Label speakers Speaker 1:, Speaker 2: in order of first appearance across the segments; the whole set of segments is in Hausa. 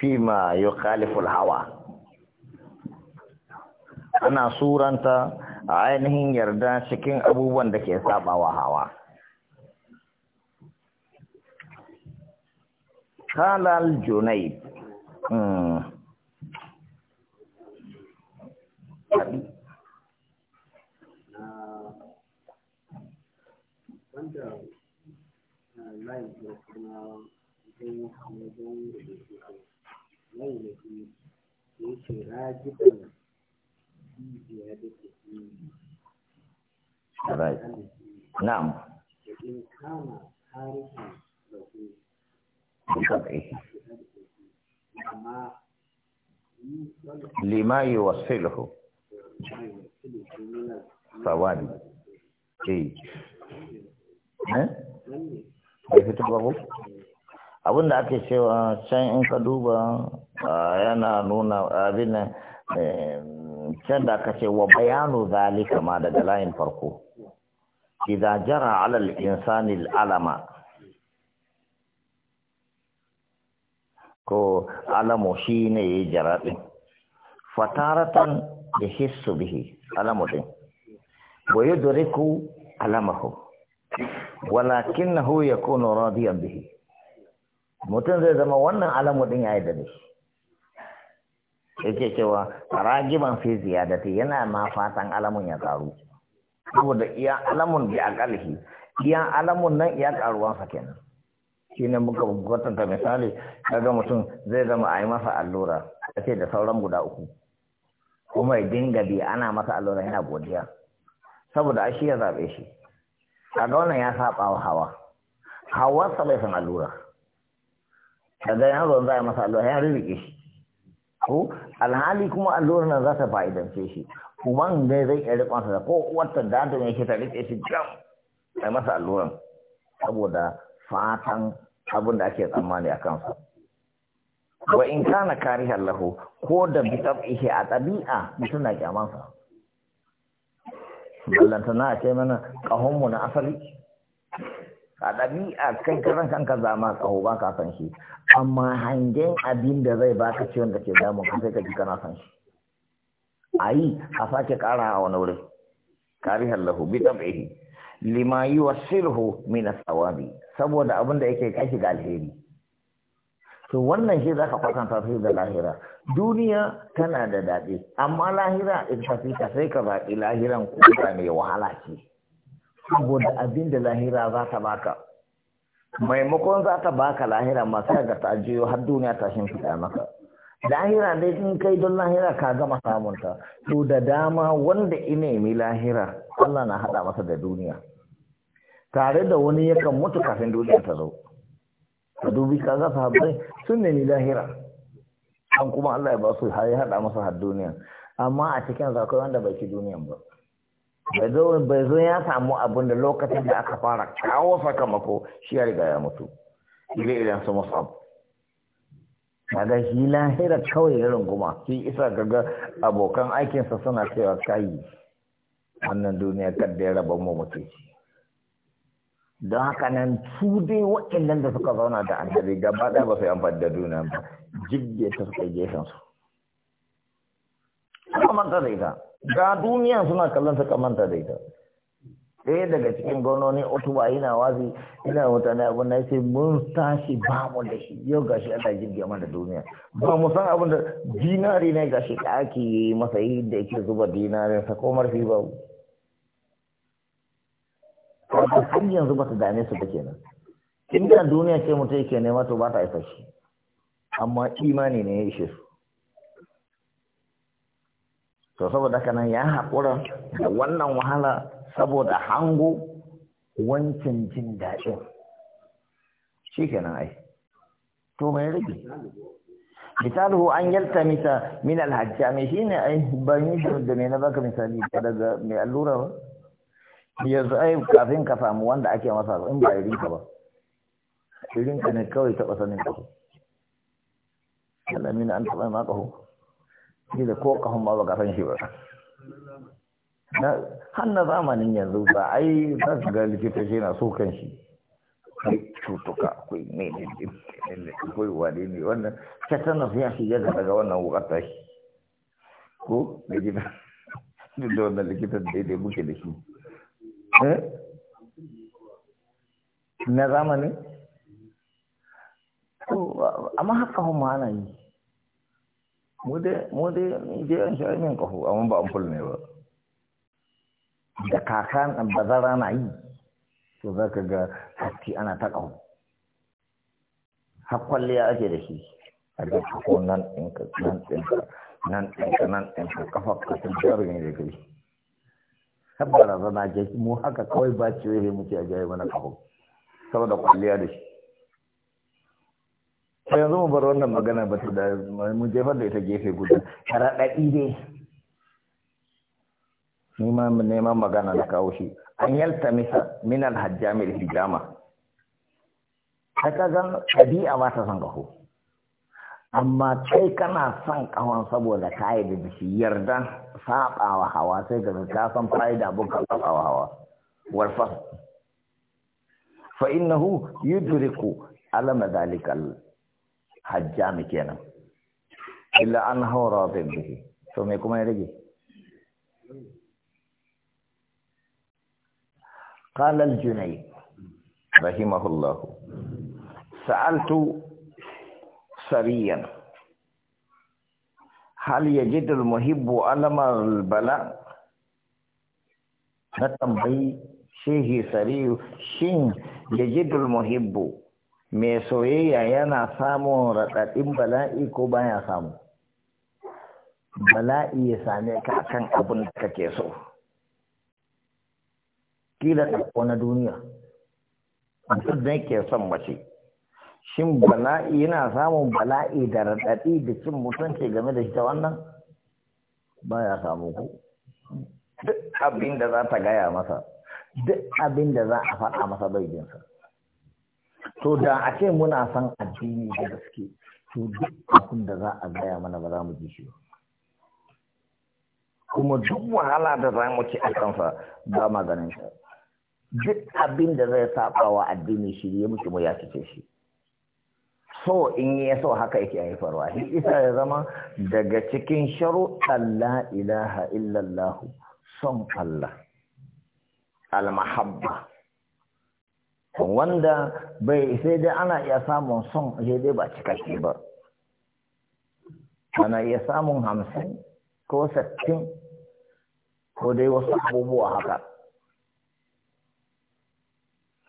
Speaker 1: fima yukhaliful hawa ana suranta a ainihin yarda cikin abubuwan da ke sabawa hawa kalal junaid wanda right. نعم لما يوصله ثواني اي ها؟ كيف تبغى abin da ake cewa can in ka duba yana nuna abin nan can da aka ce wa bayanu zalika ma daga layin farko idan jara ala insani alama ko alamu ne ya jara din fataratan yahissu bihi alamu din wa yudriku alamahu ya yakunu radiyan bihi mutum zai zama wannan alamu din ya yi da shi yake cewa ragiban fi ziyadati yana ma fatan alamun ya karu saboda iya alamun bi aqalhi iya alamun nan iya karuwan sa kenan shine muka kwatanta misali kaga mutum zai zama a yi masa allura ce da sauran guda uku kuma ya dinga bi ana masa allura yana godiya saboda shi ya zaɓe shi kaga wannan ya saɓa wa hawa hawa sa bai san allura kaga yaron za a masa allura ya rubuke shi ko alhali kuma alluran nan za ta fa'idance shi kuma ne zai iya rikon sa ko wata da ta mai ta rike shi jam sai masa alluran saboda fatan abin da ake tsammani a kansa wa in kana kari lahu ko da bi tabihi a tabi'a mutum na kyamansa ballantana a ce mana mu na asali a ɗabi'a kai karan kanka zama tsaho ba ka san shi amma hangen abin da zai baka ciwon da ke damun ka sai ka ji kana san shi a yi a sake ƙara a wani wuri karihar lahu bi tab'ihi lima shirhu min as saboda abin da yake kai ga alheri to wannan shi zaka kwatanta su da lahira duniya tana da daɗi amma lahira in ka sai ka zaɓi lahiran kuma mai wahala ce saboda abin da lahira za ta baka maimakon za ta baka lahira masu yaga ta ajiyo har duniya ta fita maka lahira dai in kai don lahira ka gama samunta to da dama wanda inemi lahira Allah na haɗa masa da duniya tare da wani yakan mutu kafin duniya ta zo ka dubi ka za ta sun ne lahira an kuma Allah ya ba su hada masa har duniya amma a cikin zakai wanda bai ci duniyan ba bai zo ya samu abin da lokacin da aka fara kawo sakamako shi ya riga ya mutu ile idan su musab daga shi lahira kawai irin kuma shi isa gaga abokan aikinsa suna cewa kayi wannan duniya kadda ya raba mu mutu don haka nan su dai waɗannan da suka zauna da annabi gaba ɗaya ba su yi amfani da duniya ba jibge ta suka gefen su manta da ita ga duniya suna kallon ta kamanta da ita ɗaya daga cikin gononi otuba yana wazi ina mutane abin da yace mun tashi ba mu da shi yau ga shi gashi jirgin jirge da duniya ba mu san abin da dinari ne shi da ake yi masa yi da yake zuba dinarin sa ko marfi ba wato sun yanzu ba ta dame su ba kenan inda duniya ce mutum yake nema to ba ta aika shi amma imani ne ya ishe su to saboda haka ya haƙura da wannan wahala saboda hango wancan jin daɗin shi kenan ai to mai rage Misalu an yalta misa min a mai shi ne ai ba ni da mai na baka misali daga mai allura ba yanzu ai kafin ka samu wanda ake masa in ba irinka ba irinka ne kawai taɓa sanin Allah mina an taɓa ma ƙaho ni da ko kahun ba ka san shi ba har na zamanin yanzu ba ai ba su ga likita shi na so kan shi kai cutuka ko mene ne akwai wani ne wannan na fiya shi ga daga wannan wukata shi ko likita duk da wannan likitan daidai muke da shi eh? na zamanin amma haka hun ma ana yi mu dai mu dai an sha min kafu amma ba an ne ba da kakan bazara na yi to za ka ga hatti ana ta kafu hakwalliya ake da shi a ga ko nan ɗinka nan ɗinka nan ɗinka nan ɗinka kafa jar ne da kai har barazana ke mu haka kawai ba ciwo mu ce a jaye mana kafu saboda kwalliya da shi sai yanzu mu bar wannan magana ba ta da mu jefar da ita gefe guda sharaɗaɗi dai ne. neman magana na kawo shi an yalta misa minal hajjami da hijama ta gan ɗabi'a ba ta son ƙaho amma kai kana son kawon saboda ka yi da bishi yarda saɓawa hawa sai ga ka san fa'ida abokan saɓawa hawa warfa fa innahu yudriku alama zalikal hajjami kenan illa an haura bihi to me kuma ya قال الجني رحمه الله سألت سريا هل يجد المحب ألم البلاء نتنبي شيه سريع شين يجد المحب mai soyayya yana samun raɗaɗin bala'i ko baya samu bala'i ya same ka akan abin da kake so kila ɗauko na duniya mutum da ke son mace shin bala'i yana samun bala'i da raɗaɗi da cin mutunci game da ita wannan baya samu ku duk abin da za ta gaya masa duk abin da za a faɗa masa bai jinsa to da a ce muna san addini da gaske to duk abin da za a gaya mana ba za mu ji shi ba kuma duk wahala da za mu ci a kansa ba maganin shi duk abin da zai saba wa addini shi ya muke mu ya fice shi so in ya so haka yake haifarwa shi isa ya zama daga cikin sharuɗan la ilaha illallah son Allah al-mahabba wanda bai sai dai ana iya samun son sai dai ba cikakke ba ana iya samun hamsin ko sattin ko dai wasu abubuwa haka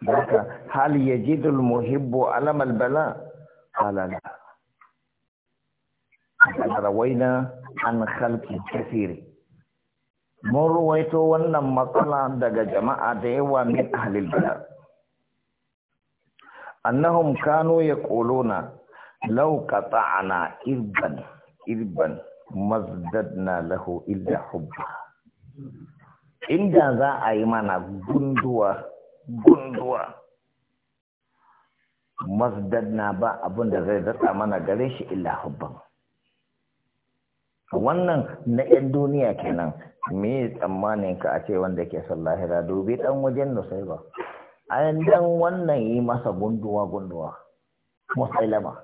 Speaker 1: daga hal yajidul muhibbu alam albala A rawai na an halki, kafiri mun ruwaito wannan matsala daga jama'a da yawa min ahalil bala annahum kanu yaquluna law qata'na irban irban mazdadna lahu illa hubba inda za a yi mana gunduwa gunduwa na ba abin da zai zata mana gare shi illa hubban wannan na 'yan duniya kenan me tsammanin ka a ce wanda ke sallahira dubi dan wajen ba a dan wannan yi masa gunduwa gunduwa musailama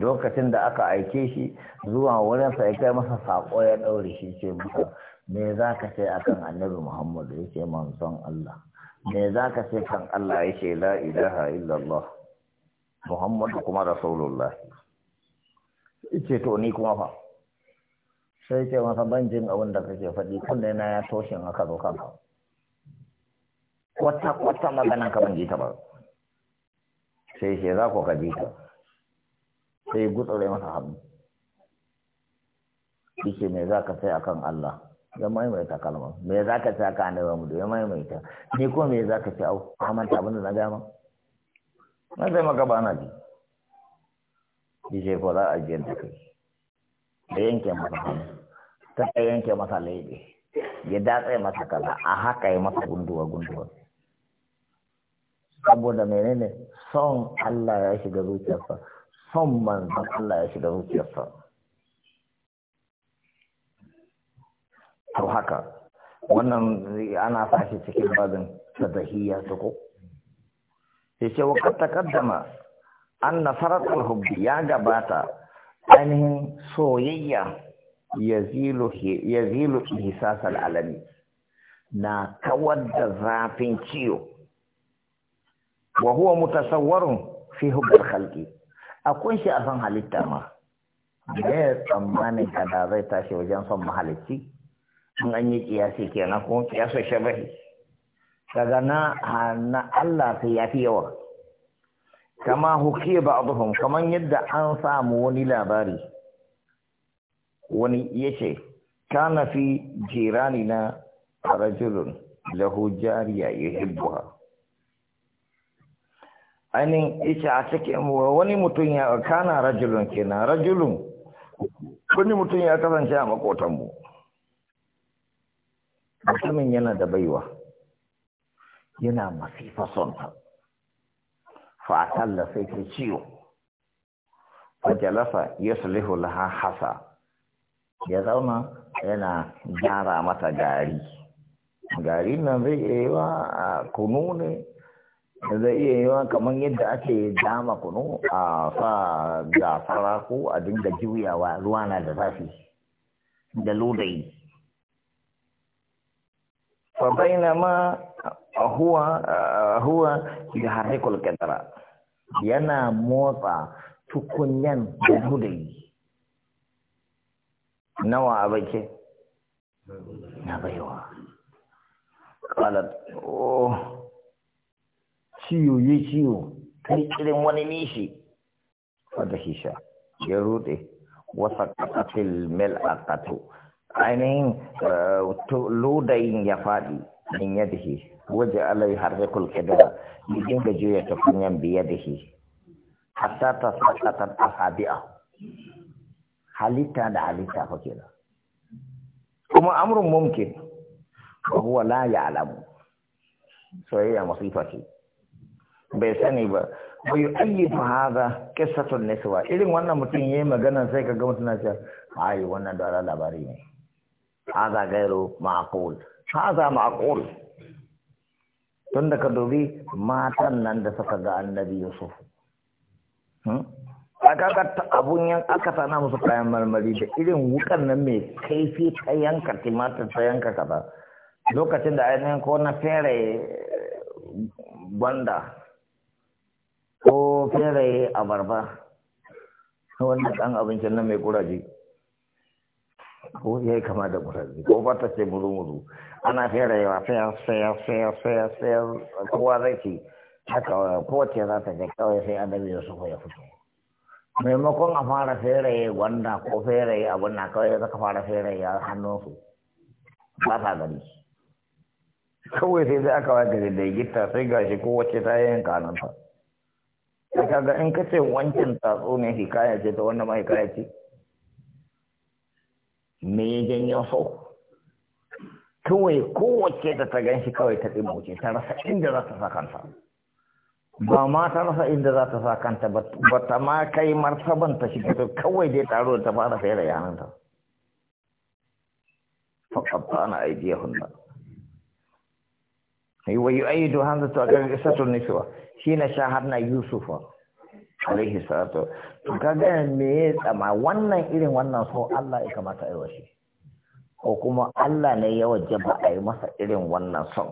Speaker 1: lokacin da aka aike shi zuwa wurin ya kai masa sako ya daure shi ce masa me za ka ce akan annabi muhammadu ya ce manzon allah me za ka ce kan allah ya ce la ilaha illallah muhammadu kuma rasulullah ce to ni kuma fa sai ce masa banjin abin da kake faɗi kunne na ya toshin aka zo kanka kwata kwata maganan ka ban ji ta ba sai shi za ku ka ji ta sai gutsure masa hannu yake me za ka sai akan Allah ya maimaita kalmar me za ka sai akan annabi mu ya maimaita ni ko me za ka sai au kamanta abin da na ma na sai maka bana na ji yake ko za a jiyar da kai da yanke masa hannu ta yanke masa laifi ya datse masa kaza a haka ya masa gunduwa gunduwa saboda menene son Allah ya shiga zuciyarsa son manzon Allah ya shiga zuciyarsa to haka wannan ana sashi cikin bazin sadahiyya ta ko sai ce wa kad taqaddama anna al hubbi ya gabata ainihin soyayya yazilu yazilu ihsas alami na kawar da zafin ciwo wa huwa mutasawwarun fi hubbil khalqi akwai shi a san halitta ma me tsammanin ka da zai tashi wajen son mahalicci in an yi kiyasi kenan ko kiyasa shabahi daga na na Allah sai ya fi yawa kama hukiya ba'dhum kamar yadda an samu wani labari wani yace kana fi jirani na rajulun lahu jariya yuhibbuha ainihin isha a cikin wani mutum ya kana rajulun kenan rajulun wani mutum ya kasance a makotanmu mutumin yana da baiwa yana masifa sonta fa'atalla sai ke ciwo fajalasa ya sulihu laha hasa ya zauna yana gyara mata gari gari na zai yi wa kunu ne da zai iya yiwa kamar yadda ake dama kunu a sa ga ko a dinga juyawa ruwa na da zafi da ludayi fa ma huwa huwa yuharrikul qadara yana motsa tukunyan da lodayi. nawa abake na baiwa Kalat, oh ciwo yi ciwo kai irin wani nishi wata kisha ya rude wasa katatil mel kato ainihin eh, lodayin ya faɗi min ya dahi waje alai har da kulkida yi dinga juya ta kunyan biya dahi hatta ta sakatar asabi'a halitta da halitta fa kenan kuma amurin mumkin wa huwa la alamu. soyayya masifa ce bai sani ba wa yu'ayyidu haza kisatun nesuwa irin wannan mutum yi magana sai ka mutum na cewa yi wannan da labari ne haza gairu ma'qul haza ma'akul tun da ka dubi matan nan da suka ga annabi yusuf hmm? aka abun yan aka sana musu kayan marmari da irin wukan nan mai kaifi ta yanka timatir ta yanka kaza lokacin da ainihin ko na fere eh, gwanda ko feraye a barba wanda ɗan abincin nan mai kuraje ko ya yi kama da kuraje ko ba ta ce muru-muru ana ferayewa sayar sayar sayar sayar sayar kowa zai ce haka kowace za ta ga kawai sai an da sufa ya fito maimakon a fara feraye gwanda ko feraye abin na kawai za ka fara feraye a hannunsu ba ta gani kawai sai zai aka wa gari da gita sai gashi kowace ta yanka nan ta kaga in ka ce wancan tatso ne hikaya ce ta wannan ma hikaya ce me ya janyo sau kawai kowace da ta gan shi kawai ta ɗimoce ta rasa inda za ta sa kanta ba ma ta rasa inda za ta sa kanta ba ta ma kai martaban ta shiga ta kawai dai taro ta fara fera yananta faƙaɓa ana aidiya hunna wai yi aidu hanzar ta ƙarƙasar tunisuwa shi na sha har na yusufa alaihi salatu to kaga me ya tsama wannan irin wannan so Allah ya kamata a yi ko kuma Allah ne ya wajaba a yi masa irin wannan son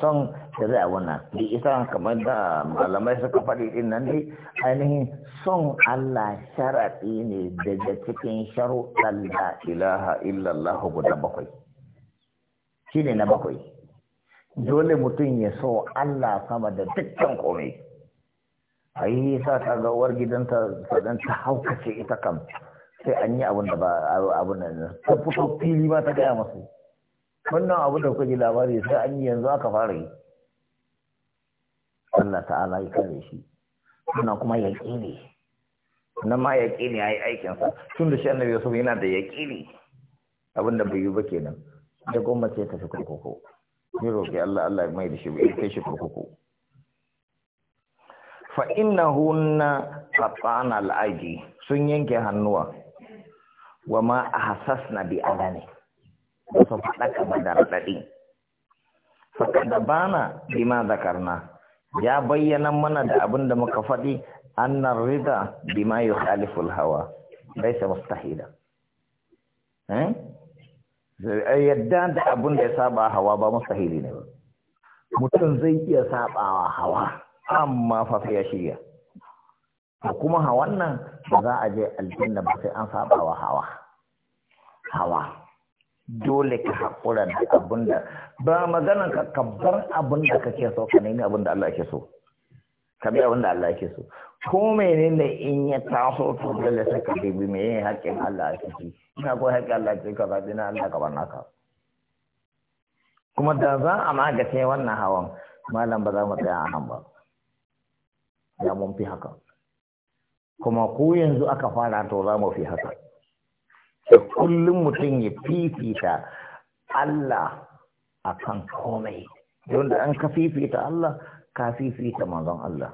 Speaker 1: son da zai wannan bi isa kamar da malamai suka faɗi din nan dai ainihin son Allah sharaɗi ne daga cikin sharu la ilaha illallah guda bakwai shine na bakwai dole mutum ya so Allah sama da dukkan komai ai sa ta ga uwar gidanta sadan ta haukace ita kam sai an yi abin da ba abin nan ta fito fili ma ta gaya masu wannan abu da kuka ji labari sai an yi yanzu aka fara yi Allah ta'ala ya kare shi wannan kuma ya ne na ma ya ne ya yi aikinsa tun da shi annabi yusuf yana da ya ne abin da bai yi ba kenan da gwamnati ta fi kurkuku ni roƙi Allah Allah ya mai da shi bai kai shi kurkuku fa inna hunna qatana al-aidi sun yanke hannuwa wa ma ahassasna bi adani so fada ka badar dadi fa kadabana bima zakarna ya bayyana mana da abinda muka fadi anna rida bima yukhalifu al-hawa laysa mustahila eh yadda da abinda ya saba hawa ba mustahili ne ba mutum zai iya sabawa hawa amma fa sai ya shirya to kuma ha wannan ba za a je aljanna ba sai an saba wa hawa hawa dole ka haƙura da abin da ba maganan ka kabbar abin da kake so ka nemi abin da Allah yake so ka bi abin da Allah yake so ko menene in ya taso to dole sai ka bi me yin haƙƙin Allah yake ci, ina ko haƙƙin Allah yake ka bi na Allah ka barna ka kuma da za a magace wannan hawan malam ba za mu tsaya a nan ba da mun fi haka kuma ko yanzu aka fara to za mu fi haka kullum mutum ya fifita Allah a kan komai don da an ka fifita Allah ka fifita manzon Allah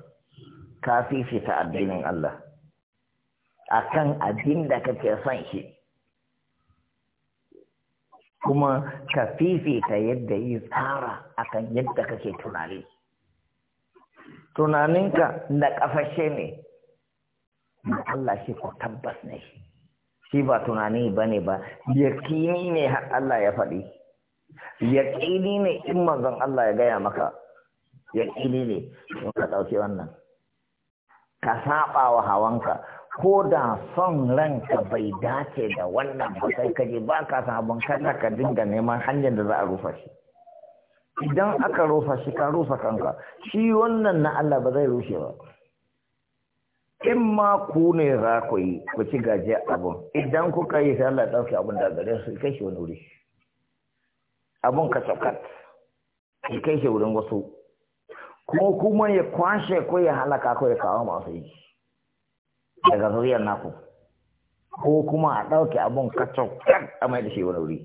Speaker 1: ka fifita addinin Allah a kan abin da kake son shi kuma ka fifita yadda yi tsara akan yadda kake tunani tunaninka da kafashe ne Allah shi ko tabbas ne shi ba tunani ba ne ba yakini ne har Allah ya faɗi yakini ne in manzon Allah ya gaya maka yakini ne in ka ɗauki wannan ka saɓa wa hawanka ko da son ranka bai dace da wannan ba sai ka je ba ka sabon kanka ka dinga neman hanyar da za a rufa shi idan aka rufa shi ka rufa kanka shi wannan na Allah ba zai rushe ba in ma ku ne za ku yi ku ci gaje abun idan kuka yi sai Allah ɗauki abun da gare su kai shi wani wuri abun ka saukat kai shi wurin wasu ko kuma ya kwashe ko ya halaka ko ya kawo masu yi daga zuriyar naku ko kuma a dauke abun ka saukat a mai da shi wani wuri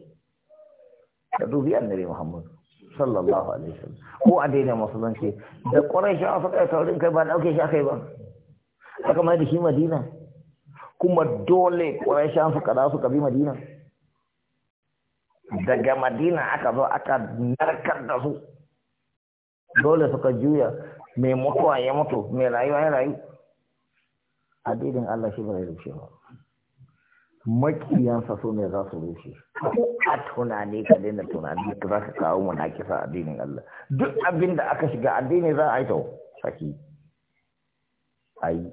Speaker 1: da dubi annabi Muhammadu sallallahu alaihi wasallam ko addinin musulunci da ƙwarai a suka yi taurin kai ba dauke shi aka yi ba aka mai da shi madina kuma dole ƙwarai an suka da ka bi madina daga madina aka zo aka narkar da su dole suka juya mai mutuwa ya mutu mai rayuwa ya rayu addinin Allah shi ba zai rushe ba makiyansa so ne za su rushe ko a tunani ka daina tunani ka za ka kawo mu a addinin Allah duk abin da aka shiga addini za a yi tau saki ayi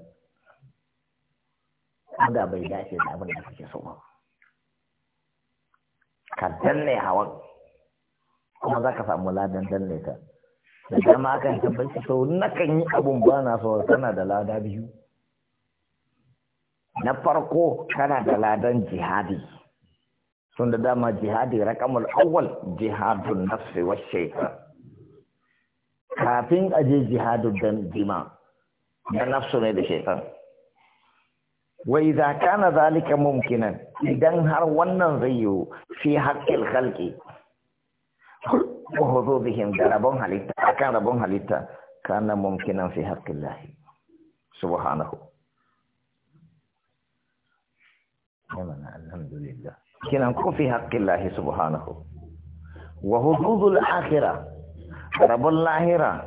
Speaker 1: da bai dace da abin da kake so ba ka danne hawan kuma za ka samu ladan danne ta da dama akan tabbaci sau nakan yi abun ba na so tana da lada biyu na farko kana da ladan jihadi sun da dama jihadi rakamul awwal jihadun nafsi wa shaytan kafin aje jihadu dan dima da nafsu ne da shaytan wa idza kana zalika mumkinan idan har wannan zai yiwu fi haqqil khalqi wa hudubihim da rabon halitta akan rabon halitta kana mumkinan fi haqqillah subhanahu mana alhamdulillah kinan ko fi haqqillahi subhanahu wa hududul akhirah rabul lahira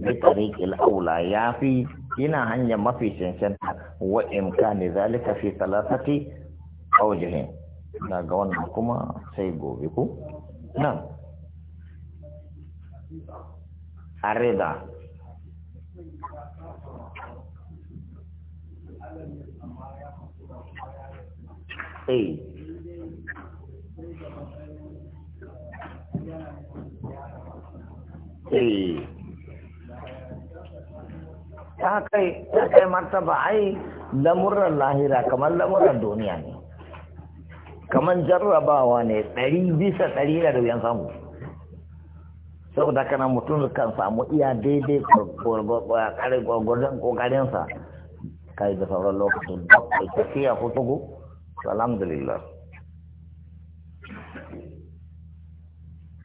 Speaker 1: bi tariqil aula ya fi kina hanya mafi cancanta wa imkani zalika fi thalathati awjihin na ga wannan kuma sai gobe ku nan areda. eh ta kai ta kai lahira kamar lamuran duniya ne kamar jarrabawa ne ɗari bisa ɗari da samu saboda kana mutum kan samu iya daidai ƙoƙarinsa kai sauran lokacin da tafiya ko alhamdulillah